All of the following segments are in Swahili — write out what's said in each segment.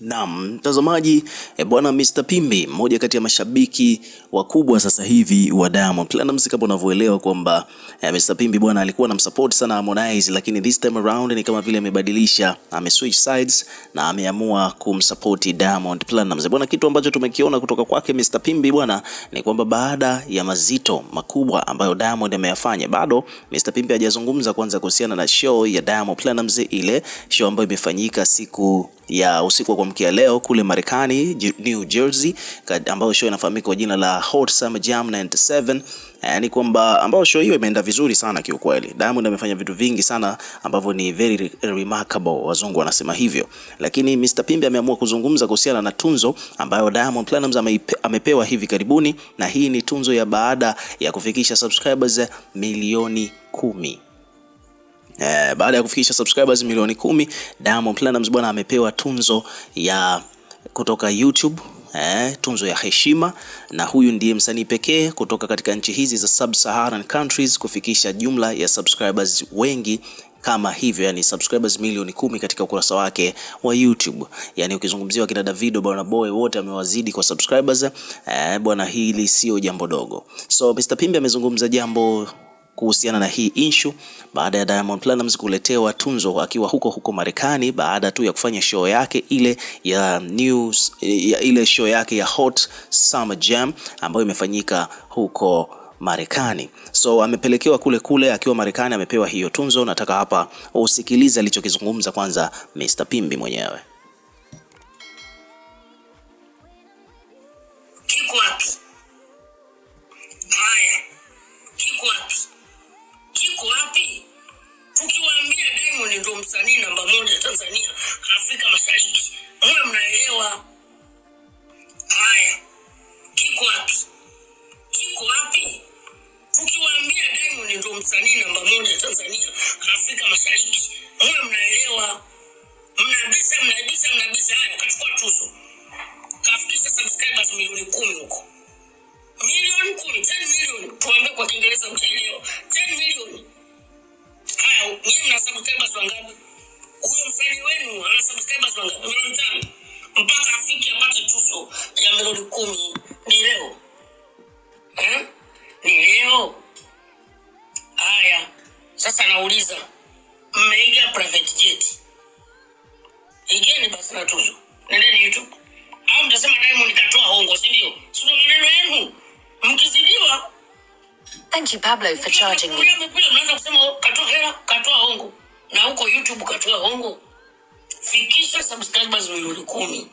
Naam, mtazamaji e, bwana Mr Pimbi, mmoja kati ya mashabiki wakubwa sasa hivi wa Diamond Platnumz, kama unavyoelewa kwamba e, Mr Pimbi bwana alikuwa anamsupport sana Harmonize, lakini this time around ni kama vile amebadilisha, ameswitch sides na ameamua kumsupport Diamond Platnumz bwana. Kitu ambacho tumekiona kutoka kwake Mr Pimbi bwana ni kwamba baada ya mazito makubwa ambayo Diamond ameyafanya, bado Mr Pimbi hajazungumza kwanza kuhusiana na show ya Diamond Platnumz, ile show ambayo imefanyika siku ya usiku wa kuamkia leo kule Marekani, New Jersey, ambayo show inafahamika kwa jina la Hot Summer Jam 97 eh, ni kwamba ambao show hiyo imeenda vizuri sana kiukweli. Diamond amefanya vitu vingi sana ambavyo ni very remarkable, wazungu wanasema hivyo. Lakini Mr Pimbe ameamua kuzungumza kuhusiana na tunzo ambayo Diamond Platnumz amepewa hivi karibuni, na hii ni tunzo ya baada ya kufikisha subscribers milioni kumi. Eh, baada ya kufikisha subscribers milioni kumi, Diamond Platnumz bwana amepewa tunzo ya kutoka YouTube eh, tunzo ya heshima, na huyu ndiye msanii pekee kutoka katika nchi hizi za sub-Saharan countries kufikisha jumla ya subscribers wengi kama hivyo yani subscribers milioni kumi katika ukurasa wake wa YouTube. Yani ukizungumziwa kina Davido, bwana Boy wote amewazidi kwa subscribers eh, bwana hili sio jambo dogo. So Mr Pimbi amezungumza jambo kuhusiana na hii inshu baada ya Diamond Platnumz kuletewa tunzo akiwa huko huko Marekani baada tu ya kufanya show yake ile ya news, ya ile show yake ya Hot Summer Jam ambayo imefanyika huko Marekani. So amepelekewa kule kule akiwa Marekani, amepewa hiyo tunzo. Nataka hapa usikilize alichokizungumza kwanza Mr. Pimbi mwenyewe. Kiko wapi? milioni kumi huko, milioni kumi, ten milioni, tuambie kwa Kiingereza mtaelewa, ten milioni. Haya, nyie mna subscribers wangapi? Huyo msanii wenu ana subscribers wangapi? Milioni tano, mpaka afike apate tuzo ya milioni kumi. unatoa hongo, si ndio? Sio maneno yangu. Mkizidiwa Thank you Pablo for charging me. Mpira mnaanza kusema katoa hela, katoa hongo. Na huko YouTube katoa hongo. Fikisha subscribers milioni kumi.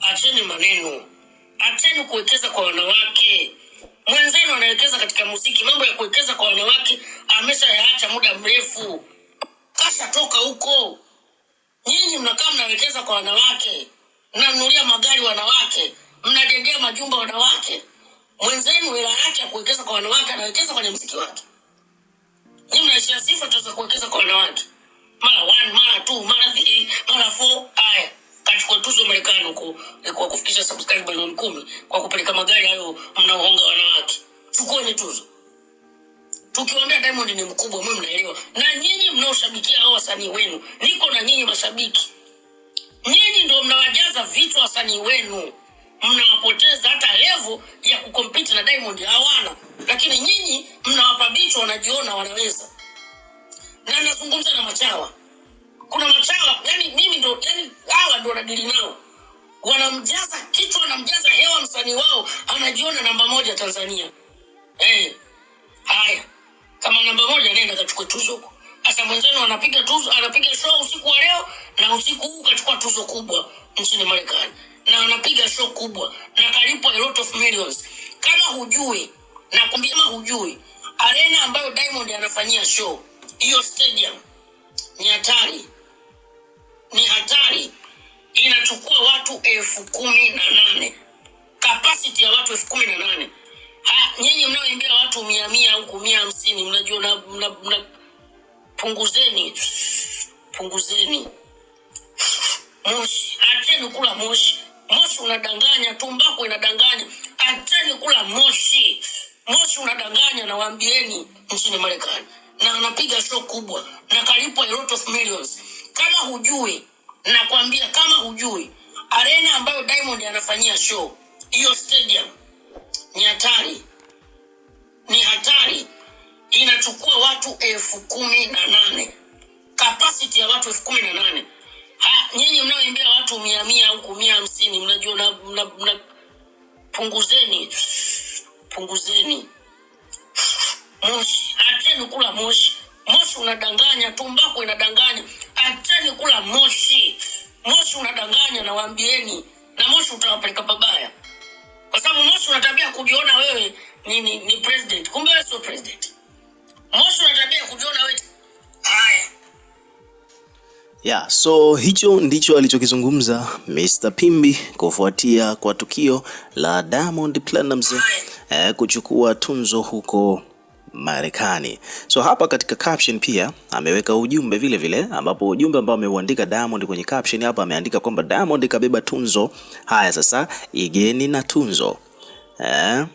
Acheni maneno. Acheni kuwekeza kwa wanawake. Mwenzenu anawekeza katika muziki, mambo ya kuwekeza kwa wanawake ameshayaacha muda mrefu. Kasha toka huko. Nyinyi mnakaa mnawekeza kwa wanawake mnanunulia magari wanawake, mnajengea majumba wanawake. Mwenzenu hela yake ya kuwekeza kwa wanawake anawekeza kwenye mziki wake. Ni mnaishia sifa tuweza kuwekeza kwa wanawake, mara one mara two mara three mara four. Haya, kachukua tuzo Marekani huko kwa kufikisha subscribe milioni kumi kwa kupeleka magari hayo mnaohonga wanawake. Chukueni tuzo. Tukiongea Diamond ni mkubwa, mwe mnaelewa, na nyinyi mnaoshabikia hao wasanii wenu, niko na nyinyi mashabiki Nyinyi ndio mnawajaza vitu wasanii wenu, mnawapoteza hata level ya kukompiti na Diamond hawana, lakini nyinyi mnawapa bicho, wanajiona wanaweza. Na nazungumza na machawa, kuna machawa yani mimi ndo yani hawa ndo wanadili nao, wanamjaza kichwa, wanamjaza hewa, msanii wao anajiona namba moja Tanzania. Hey, eh, haya kama namba moja, nenda kachukue tuzo huko hasa mwenzenu anapiga tuzo, anapiga show usiku wa leo na usiku huu kachukua tuzo kubwa nchini Marekani na anapiga show kubwa na kalipwa a lot of millions. Kama hujui na kama hujui arena ambayo Diamond anafanyia show hiyo stadium ni hatari, ni hatari. Inachukua watu elfu kumi na nane kapasiti ya watu elfu kumi na nane Nyinyi mnaoingia watu mia mia huku mia hamsini mnajiona mna, mna, mna Punguzeni, punguzeni moshi, acheni kula moshi. Moshi unadanganya, tumbako inadanganya. Acheni kula moshi, moshi unadanganya, nawaambieni nchini Marekani, na anapiga show kubwa na kalipwa a lot of millions. Kama hujui, nakwambia kama hujui, arena ambayo Diamond anafanyia show hiyo stadium ni hatari, ni hatari, inachukua watu elfu kumi na nane kapasiti ya watu elfu kumi na nane nyinyi mnaoimbia watu mia mia huku mia hamsini mnajua mna, mna, punguzeni punguzeni moshi acheni kula moshi moshi unadanganya tumbako inadanganya acheni kula moshi moshi unadanganya nawaambieni na moshi utawapeleka pabaya kwa sababu moshi unatabia kujiona wewe ni, ni, ni president kumbe Yeah, so hicho ndicho alichokizungumza Mr. Pimbi kufuatia kwa tukio la Diamond Platinumz eh, kuchukua tunzo huko Marekani. So hapa katika caption pia ameweka ujumbe vile vile, ambapo ujumbe ambao ameuandika Diamond kwenye caption hapa ameandika kwamba Diamond kabeba tunzo, haya sasa igeni na tunzo eh,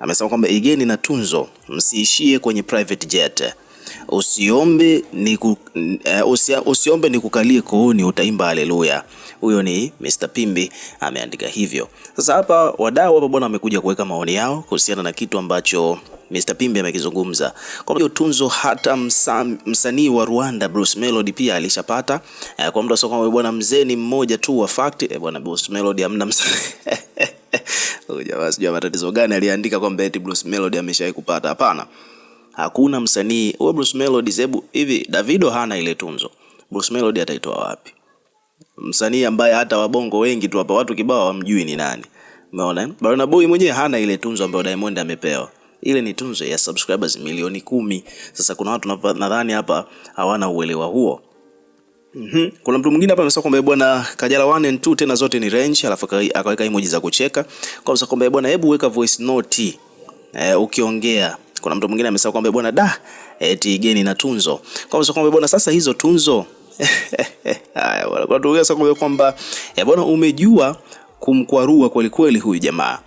amesema kwamba igeni na tunzo, msiishie kwenye private jet usiombe ni ku, uh, usia, usiombe ni kukalie kooni, utaimba haleluya. Huyo ni Mr Pimbi ameandika hivyo. Sasa hapa wadau hapa bwana wamekuja kuweka maoni yao kuhusiana na kitu ambacho Mr Pimbi amekizungumza. Kwa hiyo tunzo hata msa, msanii wa Rwanda Bruce Melody pia alishapata. Uh, Kwa mtu sio kama bwana mzee ni mmoja tu wa fact. Eh, bwana Bruce Melody amna msanii. Jamaa sijui matatizo gani aliandika kwamba eti Bruce Melody ameshawahi kupata. Hapana hakuna msanii wewe. Bruce Melody, hebu hivi Davido hana ile tunzo, Bruce Melody ataitoa wapi? Msanii ambaye hata wabongo wengi tu hapa watu kibao wamjui ni nani, umeona. Burna Boy mwenyewe hana ile tunzo ambayo Diamond amepewa ile ni tunzo ya subscribers milioni kumi. Sasa kuna watu nadhani hapa hawana uelewa huo. Mm -hmm. Kuna mtu mwingine hapa amesema kwamba eh, bwana Kajala 1 and 2 tena zote ni range, alafu akaweka emoji za kucheka. Kwa sababu kwamba eh, bwana, hebu weka voice note eh, ukiongea kuna mtu mwingine amesema kwamba bwana da eti geni na tunzo, kwamba bwana sasa hizo tunzo kwamba eh, bwana umejua kumkwarua kwelikweli huyu jamaa.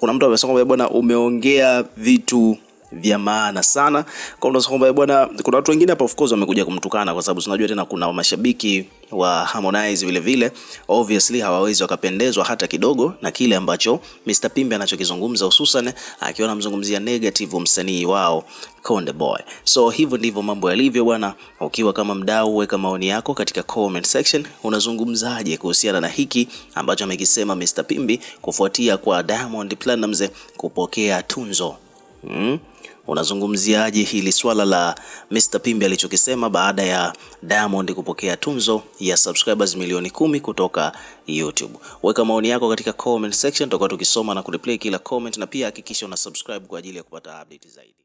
Kuna mtu amesema kwamba bwana umeongea vitu vya maana sana. Kwa unaweza kwamba bwana, kuna watu wengine hapa of course wamekuja kumtukana, kwa sababu tunajua tena kuna mashabiki wa Harmonize vile vile, obviously hawawezi wakapendezwa hata kidogo na kile ambacho Mr Pimbe anachokizungumza, hususan akiwa anamzungumzia negative msanii wao Konde Boy. So hivyo ndivyo mambo yalivyo bwana. Ukiwa kama mdau, weka maoni yako katika comment section. Unazungumzaje kuhusiana na hiki ambacho amekisema Mr Pimbi kufuatia kwa Diamond Platnumz kupokea tunzo mm? unazungumziaje hili swala la Mr Pimbi alichokisema baada ya Diamond kupokea tunzo ya subscribers milioni kumi kutoka YouTube? Weka maoni yako katika comment section, tutakuwa tukisoma na kureplay kila comment, na pia hakikisha una subscribe kwa ajili ya kupata update zaidi.